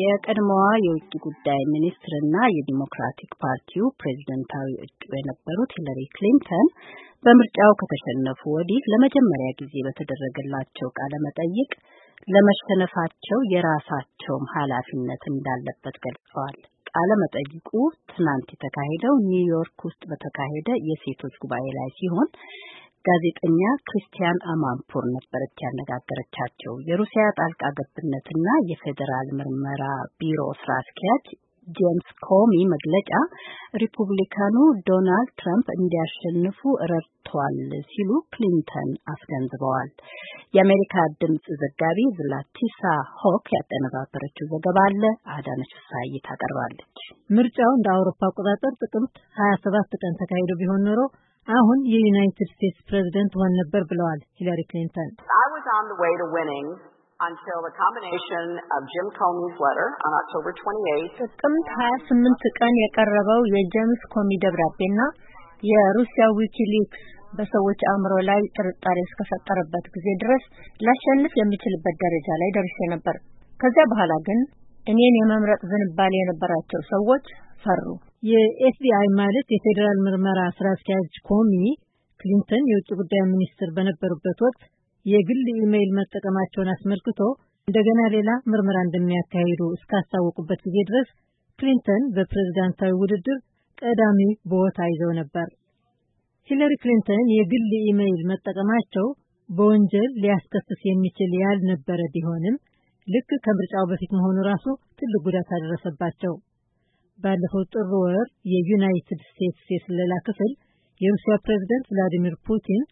የቀድሞዋ የውጭ ጉዳይ ሚኒስትርና የዲሞክራቲክ ፓርቲው ፕሬዝደንታዊ እጩ የነበሩት ሂለሪ ክሊንተን በምርጫው ከተሸነፉ ወዲህ ለመጀመሪያ ጊዜ በተደረገላቸው ቃለ መጠይቅ ለመሸነፋቸው የራሳቸውም ኃላፊነት እንዳለበት ገልጸዋል። ቃለ መጠይቁ ትናንት የተካሄደው ኒውዮርክ ውስጥ በተካሄደ የሴቶች ጉባኤ ላይ ሲሆን ጋዜጠኛ ክርስቲያን አማንፖር ነበረች ያነጋገረቻቸው። የሩሲያ ጣልቃ ገብነትና የፌዴራል ምርመራ ቢሮ ስራ አስኪያጅ ጄምስ ኮሚ መግለጫ ሪፑብሊካኑ ዶናልድ ትራምፕ እንዲያሸንፉ ረድቷል ሲሉ ክሊንተን አስገንዝበዋል። የአሜሪካ ድምፅ ዘጋቢ ዝላቲሳ ሆክ ያጠነባበረችው ዘገባ አለ አዳነች ሳይ ታቀርባለች። ምርጫው እንደ አውሮፓ አቆጣጠር ጥቅምት ሀያ ሰባት ቀን ተካሂዶ ቢሆን ኖሮ አሁን የዩናይትድ ስቴትስ ፕሬዝደንት ሆን ነበር ብለዋል ሂለሪ ክሊንተን። ጥቅምት 28 ስምንት ቀን የቀረበው የጄምስ ኮሚ ደብዳቤና የሩሲያ ዊኪሊክስ በሰዎች አእምሮ ላይ ጥርጣሬ እስከፈጠረበት ጊዜ ድረስ ላሸንፍ የምችልበት ደረጃ ላይ ደርሼ ነበር። ከዚያ በኋላ ግን እኔን የመምረጥ ዝንባሌ የነበራቸው ሰዎች ፈሩ። የኤፍቢአይ ማለት የፌዴራል ምርመራ ስራ አስኪያጅ ኮሚ ክሊንተን የውጭ ጉዳይ ሚኒስትር በነበሩበት ወቅት የግል ኢሜይል መጠቀማቸውን አስመልክቶ እንደገና ሌላ ምርመራ እንደሚያካሂዱ እስካስታወቁበት ጊዜ ድረስ ክሊንተን በፕሬዝዳንታዊ ውድድር ቀዳሚ ቦታ ይዘው ነበር። ሂለሪ ክሊንተን የግል ኢሜይል መጠቀማቸው በወንጀል ሊያስከስስ የሚችል ያልነበረ ቢሆንም ልክ ከምርጫው በፊት መሆኑ ራሱ ትልቅ ጉዳት አደረሰባቸው። ባለፈው ጥር ወር የዩናይትድ ስቴትስ የስለላ ክፍል የሩሲያ ፕሬዝደንት ቭላዲሚር ፑቲን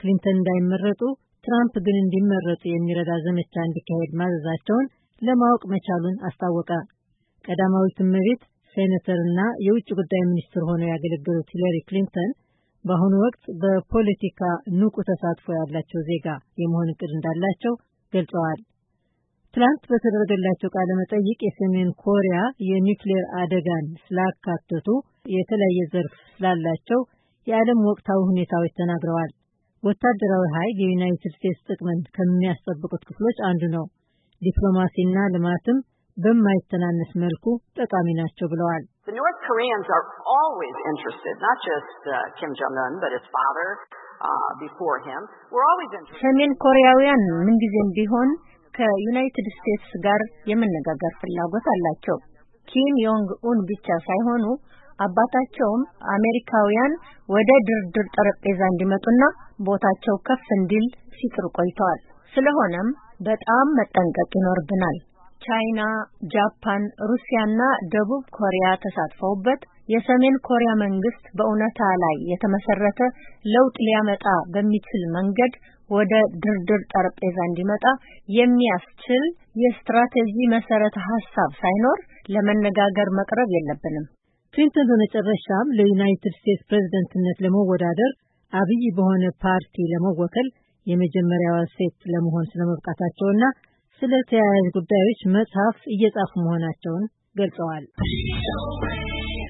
ክሊንተን እንዳይመረጡ ትራምፕ ግን እንዲመረጡ የሚረዳ ዘመቻ እንዲካሄድ ማዘዛቸውን ለማወቅ መቻሉን አስታወቀ። ቀዳማዊት እመቤት እና የውጭ ጉዳይ ሚኒስትር ሆነው ያገለገሉት ሂለሪ ክሊንተን በአሁኑ ወቅት በፖለቲካ ንቁ ተሳትፎ ያላቸው ዜጋ የመሆን እቅድ እንዳላቸው ገልጸዋል። ትላንት በተደረገላቸው ቃለ መጠይቅ የሰሜን ኮሪያ የኒውክሌር አደጋን ስላካተቱ የተለያየ ዘርፍ ስላላቸው የዓለም ወቅታዊ ሁኔታዎች ተናግረዋል። ወታደራዊ ኃይል የዩናይትድ ስቴትስ ጥቅምን ከሚያስጠብቁት ክፍሎች አንዱ ነው፣ ዲፕሎማሲና ልማትም በማይተናነስ መልኩ ጠቃሚ ናቸው ብለዋል። uh, uh, ሰሜን ኮሪያውያን ምንጊዜም ቢሆን ከዩናይትድ ስቴትስ ጋር የመነጋገር ፍላጎት አላቸው። ኪም ዮንግ ኡን ብቻ ሳይሆኑ አባታቸውም አሜሪካውያን ወደ ድርድር ጠረጴዛ እንዲመጡና ቦታቸው ከፍ እንዲል ሲጥሩ ቆይተዋል። ስለሆነም በጣም መጠንቀቅ ይኖርብናል። ቻይና፣ ጃፓን፣ ሩሲያና ደቡብ ኮሪያ ተሳትፈውበት የሰሜን ኮሪያ መንግስት በእውነታ ላይ የተመሰረተ ለውጥ ሊያመጣ በሚችል መንገድ ወደ ድርድር ጠረጴዛ እንዲመጣ የሚያስችል የስትራቴጂ መሰረተ ሀሳብ ሳይኖር ለመነጋገር መቅረብ የለብንም። ክሊንተን በመጨረሻም ለዩናይትድ ስቴትስ ፕሬዝደንትነት ለመወዳደር አብይ በሆነ ፓርቲ ለመወከል የመጀመሪያዋ ሴት ለመሆን ስለመብቃታቸውና ስለ ተያያዥ ጉዳዮች መጽሐፍ እየጻፉ መሆናቸውን ገልጸዋል።